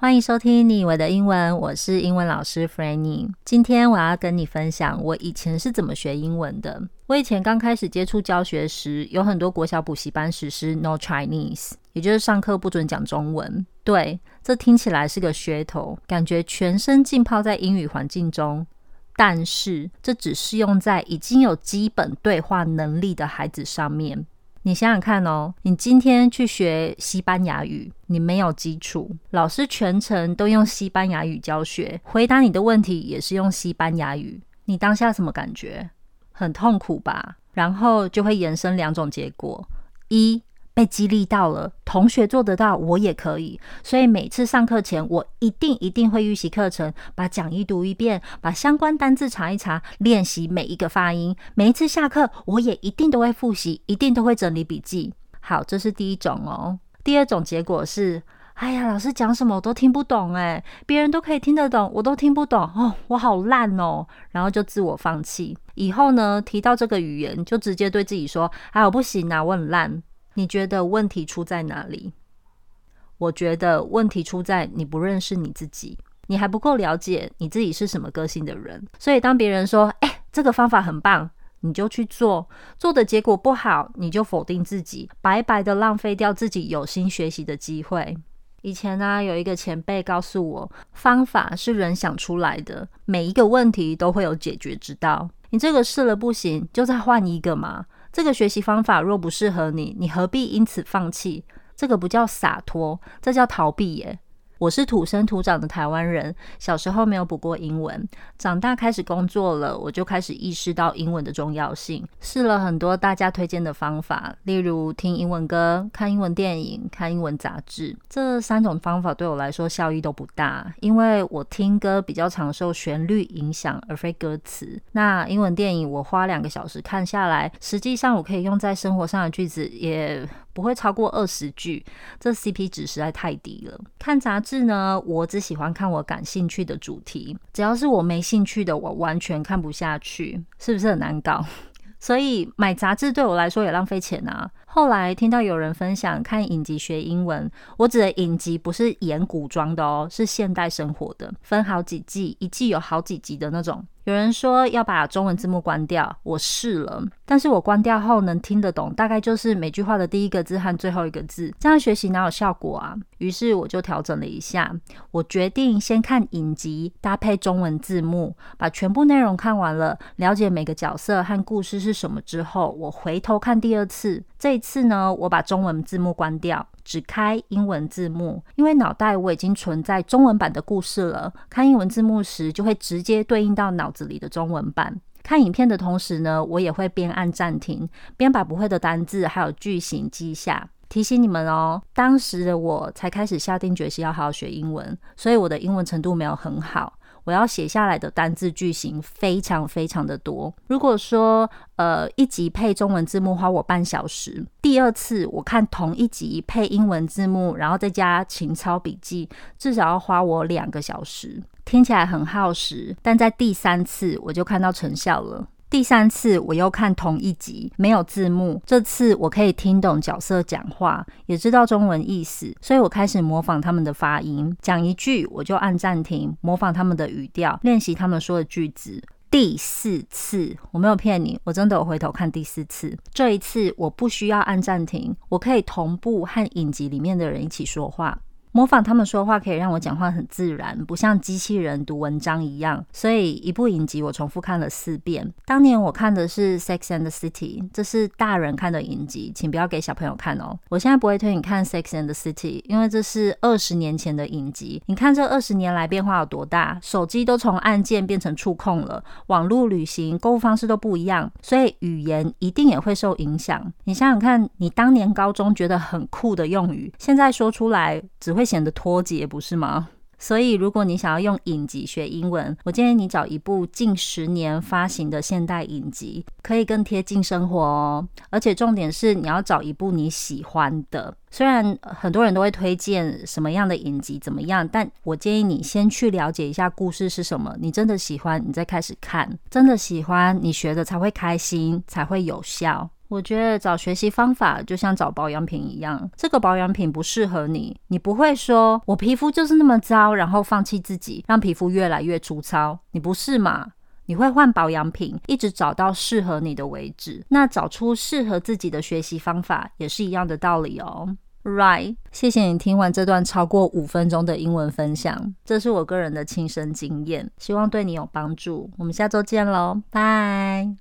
歡迎收聽你我的英文，我是英文老師 Frannie。今天我要跟你分享我以前是怎麼學英文的。我以前剛開始接觸教學時，有很多國小補習班實施 No Chinese，也就是上課不准講中文。對，這聽起來是個噱頭，感覺全身浸泡在英語環境中，但是這只適用在已經有基本對話能力的孩子上面。你想想看哦，你今天去學西班牙語，你沒有基礎，老師全程都用西班牙語教學，回答你的問題也是用西班牙語，你當下什麼感覺？很痛苦吧？然後就會延伸兩種結果，一。被激勵到了，同學做得到，我也可以。所以每次上課前，我一定一定會預習課程，把講義讀一遍，把相關單字查一查，練習每一個發音。每一次下課，我也一定都會複習，一定都會整理筆記。好，這是第一種哦。第二種結果是，哎呀，老師講什麼我都聽不懂，哎，別人都可以聽得懂，我都聽不懂，哦，我好爛哦。然後就自我放棄。以後呢，提到這個語言，就直接對自己說，哎，我不行啊，我很爛。你覺得問題出在哪裡？我覺得問題出在你不認識你自己，你還不夠了解你自己是什麼個性的人。所以當別人說“誒，這個方法很棒”，你就去做；做的結果不好，你就否定自己，白白的浪費掉自己有心學習的機會。以前呢，有一個前輩告訴我，方法是人想出來的，每一個問題都會有解決之道。你這個試了不行，就再換一個嘛。這個學習方法若不適合你，你何必因此放棄？這個不叫灑脫，這叫逃避耶。我是土生土長的台灣人，小時候沒有補過英文，長大開始工作了，我就開始意識到英文的重要性。試了很多大家推薦的方法，例如聽英文歌、看英文電影、看英文雜誌。這三種方法對我來說效益都不大，因為我聽歌比較常受旋律影響，而非歌詞。那英文電影我花兩個小時看下來，實際上我可以用在生活上的句子也不會超過二十句，這 CP 值實在太低了。看雜誌。是呢，我只喜歡看我感興趣的主題，只要是我沒興趣的，我完全看不下去，是不是很難搞？所以買雜誌對我來說也浪費錢啊。後來聽到有人分享看影集學英文，我指的影集不是演古裝的哦，是現代生活的，分好幾季，一季有好幾集的那種。有人說要把中文字幕關掉，我試了，但是我關掉後能聽得懂，大概就是每句話的第一個字和最後一個字，這樣學習哪有效果啊？於是我就調整了一下，我決定先看影集，搭配中文字幕，把全部內容看完了，了解每個角色和故事是什麼之後，我回頭看第二次，這一次呢，我把中文字幕關掉。只開英文字幕，因為腦袋我已經存在中文版的故事了。看英文字幕時，就會直接對應到腦子裡的中文版。看影片的同時呢，我也會邊按暫停，邊把不會的單字還有句型記下。提醒你們哦，當時的我才開始下定決心要好好學英文，所以我的英文程度沒有很好。我要寫下來的單字句型非常非常的多。如果說，呃，一集配中文字幕花我半小時，第二次我看同一集配英文字幕，然後再加勤抄筆記，至少要花我兩個小時。聽起來很耗時，但在第三次我就看到成效了。第三次，我又看同一集，沒有字幕。這次我可以聽懂角色講話，也知道中文意思，所以我開始模仿他們的發音，講一句我就按暫停，模仿他們的語調，練習他們說的句子。第四次，我沒有騙你，我真的有回頭看第四次。這一次我不需要按暫停，我可以同步和影集裡面的人一起說話。模仿他們說話可以讓我講話很自然，不像機器人讀文章一樣。所以一部影集我重複看了四遍。當年我看的是《Sex and the City》，這是大人看的影集，請不要給小朋友看哦。我現在不會推你看《Sex and the City》，因為這是二十年前的影集。你看這二十年來變化有多大？手機都從按鍵變成觸控了，網絡旅行、購物方式都不一樣，所以語言一定也會受影響。你想想看，你當年高中覺得很酷的用語，現在說出來只會。會顯得脫節，不是嗎？所以，如果你想要用影集學英文，我建議你找一部近十年發行的現代影集，可以更貼近生活哦。而且，重點是你要找一部你喜歡的。雖然很多人都會推薦什麼樣的影集怎麼樣，但我建議你先去了解一下故事是什麼，你真的喜歡，你再開始看。真的喜歡，你學得才會開心，才會有效。我覺得找學習方法就像找保養品一樣，這個保養品不適合你，你不會說我皮膚就是那麼糟，然後放棄自己，讓皮膚越來越粗糙，你不是嗎？你會換保養品，一直找到適合你的為止。那找出適合自己的學習方法也是一樣的道理哦。Right，謝謝你聽完這段超過五分鐘的英文分享，這是我個人的親身經驗，希望對你有幫助。我們下周見嘍，拜。